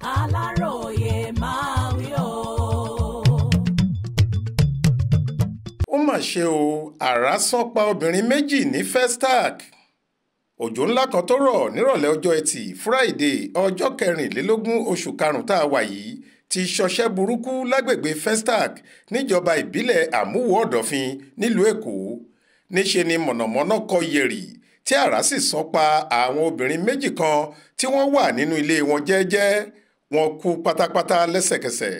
aláròye máa wí o. ó mà ṣe o àrá sán pa obìnrin méjì ní Festac òjò ńlá kan tó rọ̀ nírọ̀lẹ́ ọjọ́ ẹtì Friday ọjọ́ kẹrìnlélógún oṣù karùn-ún tá a wà yìí ti ṣọṣẹ́ burúkú lágbègbè Festac níjọba ìbílẹ̀ àmúwò ọ̀dọ̀fin nílùú Èkó níṣe ni mọ̀nàmọ́ná kọ yẹ̀rì tí àrá sì sán pa àwọn obìnrin méjì kan tí wọ́n wà nínú ilé wọn jẹ́ẹ́jẹ́ẹ́ wọ́n kú pátápátá lẹ́sẹ̀kẹsẹ̀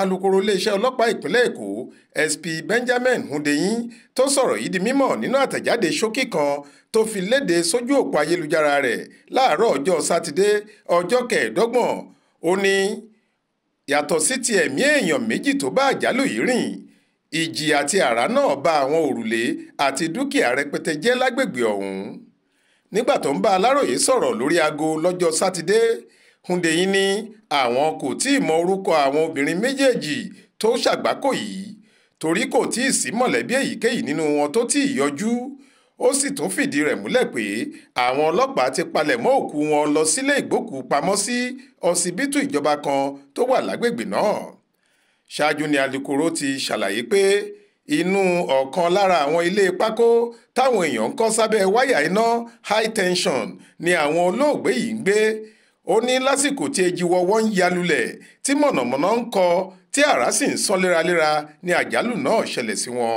alūkkóró iléeṣẹ́ ọlọ́pàá ìpínlẹ̀ èkó sp benjamin hundeyin tó sọ̀rọ̀ yìí di mímọ̀ nínú àtẹ̀jáde ṣókí kan tó fi léde sójú òpó ayélujára rẹ̀ láàárọ̀ ọjọ́ sátidé ọjọ́ kẹẹ̀ẹ́dọ́gbọ̀n ó ní yàtọ̀ sí ti ẹ̀mí èèyàn méjì tó bá àjálù yìí rìn ìjì àti àrá náà ba àwọn òrùlé àti dúkìá rẹpẹtẹ jẹ́ lágbègbè ọ̀hún nígbà tó ń bá aláròye sọ̀rọ̀ lórí aago lọ́jọ́ sátidé Hundeyin ní àwọn kò tí ì mọ orúkọ àwọn obìnrin méjèèjì tó ṣàgbákò yìí torí kò tí ì sí mọ̀lẹ́bí èyíkéyìí nínú wọn tó tí ì yọjú ó sì tún fìdí rẹ̀ múlẹ̀ pé àwọn ọlọ́pàá ti palẹ̀mọ́ òkú wọn lọ sílé ìgbókùú-pamọ́-sí ọsibítù ìjọba kan tó wà lágbègbè náà ṣáájú ni alukoro ti ṣàlàyé pé inú ọ̀kan lára àwọn ilé pákó táwọn èèyàn ń kọ́ sábẹ́ wáyà iná high tension ni àwọn olóògbé yìí ń gbé ó ní lásìkò tí ejiwọ wọn ń yalulẹ̀ tí mọ̀nàmọ́ná ń kọ tí àrá sì ń sán léraléra ni àjálù náà ṣẹlẹ̀ sí wọn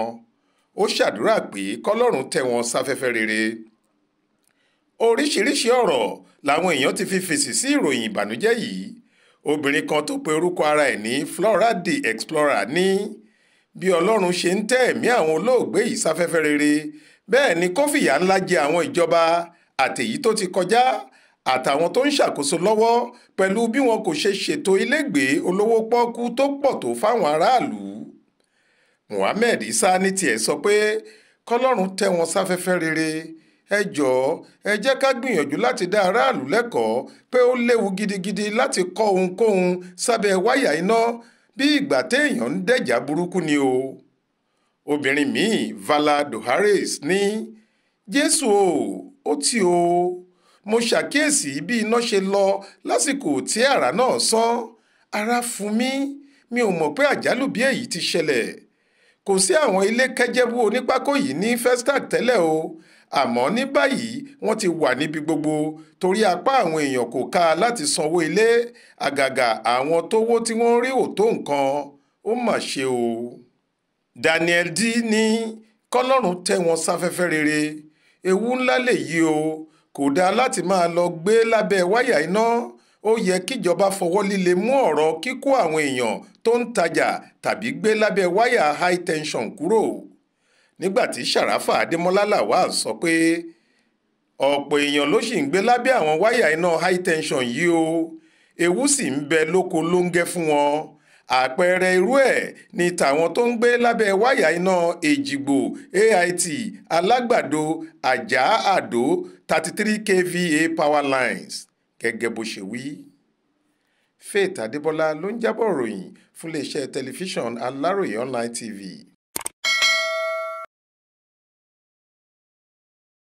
ó ṣàdúrà pé kọlọ́run tẹ́ wọn sáfẹ́fẹ́ rere oríṣiríṣi ọ̀rọ̀ làwọn èèyàn ti fi fèsì sí ìròyìn ìbànújẹ́ yìí obìnrin kan tó pe orúkọ ara ẹ̀ ní Flora the Explorer ní bí ọlọ́run ṣe ń tẹ́ ẹ̀mí àwọn olóògbé yìí sáfẹ́fẹ́ rere bẹ́ẹ̀ ni kó fìyà ńlá jẹ àwọn ìjọba àtèyí tó ti kọjá àtàwọn tó ń ṣàkóso lọ́wọ́ pẹ̀lú bí wọn kò ṣe ṣètò ilégbèé olówó pọ́ọ́kú tó pọ̀ tó fáwọn aráàlú. Muhammed Isa ní tiẹ̀ sọ pé kọlọ́run tẹ́ wọn sáfẹ́fẹ́ rere ẹ jọ̀ọ́ ẹ jẹ́ ká gbìyànjú láti dá aráàlú lẹ́kọ̀ọ́ pé ó léwu gidigidi láti kọ́ ohunkóhun sábẹ́ wáyà iná bí ìgbà téèyàn ń dẹ̀jà burúkú ni o. obìnrin míì Vala Dohares ní jésù o ó tì o mo ṣàkíyèsí bí iná ṣe lọ lásìkò tí àrá náà sán ara fún mi mi ò mọ̀ pé àjálù bí èyí ti ṣẹlẹ̀ kò sí àwọn ilé kẹjẹbú onípákó yìí ní festac tẹ́lẹ̀ o àmọ́ ní báyìí wọ́n ti wà níbi gbogbo torí apá àwọn èèyàn kò ká láti sanwó ilé àgàgà àwọn tówó tí wọ́n rí ò tó nǹkan ó mà ṣe o. Daniel D ní kọ́lọ́run tẹ́ wọn sáfẹ́fẹ́ rere ewu ńlá lèyí o kò dáa láti máa lọ gbé lábẹ́ wáyà iná ó yẹ kíjọba fọwọ́ líle mú ọ̀rọ̀ kíkó àwọn èèyàn tó ń tajà tàbí gbé lábẹ́ wáyà high tension kúrò nígbà tí Sharafa Adémọ́lá Lawal sọ pé ọ̀pọ̀ èèyàn ló sì ń gbé lábẹ́ àwọn wáyà iná high tension yìí o ewu sì ń bẹ lóko lóńgẹ́ fún wọn àpẹẹrẹ irú ẹ̀ ni tàwọn tó ń gbé lábẹ́ wáyà iná èjìgbò AIT alágbàdo àjà àdó thirty three kva power lines gẹ́gẹ́ bó ṣe wí. Faith Adébọlá ló ń jábọ̀ ròyìn fún iléeṣẹ́ tẹlifíṣàn Aláròye online TV.